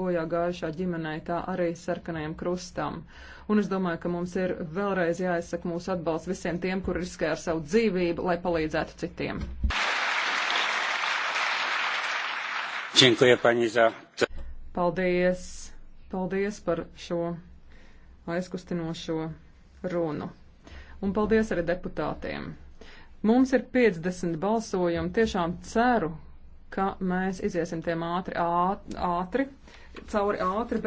bojā gājušā ģimenei, tā arī sarkanajam krustam. Un es domāju, ka mums ir vēlreiz jāizsaka mūsu atbalsts visiem tiem, kur riskē ar savu dzīvību, lai palīdzētu citiem. Činkuja, paņizā. Paldies! Paldies par šo aizkustinošo runu. Un paldies arī deputātiem. Mums ir 50 balsojumi. Tiešām ceru, ka mēs iziesim tiem ātri, ātri, ātri cauri ātri.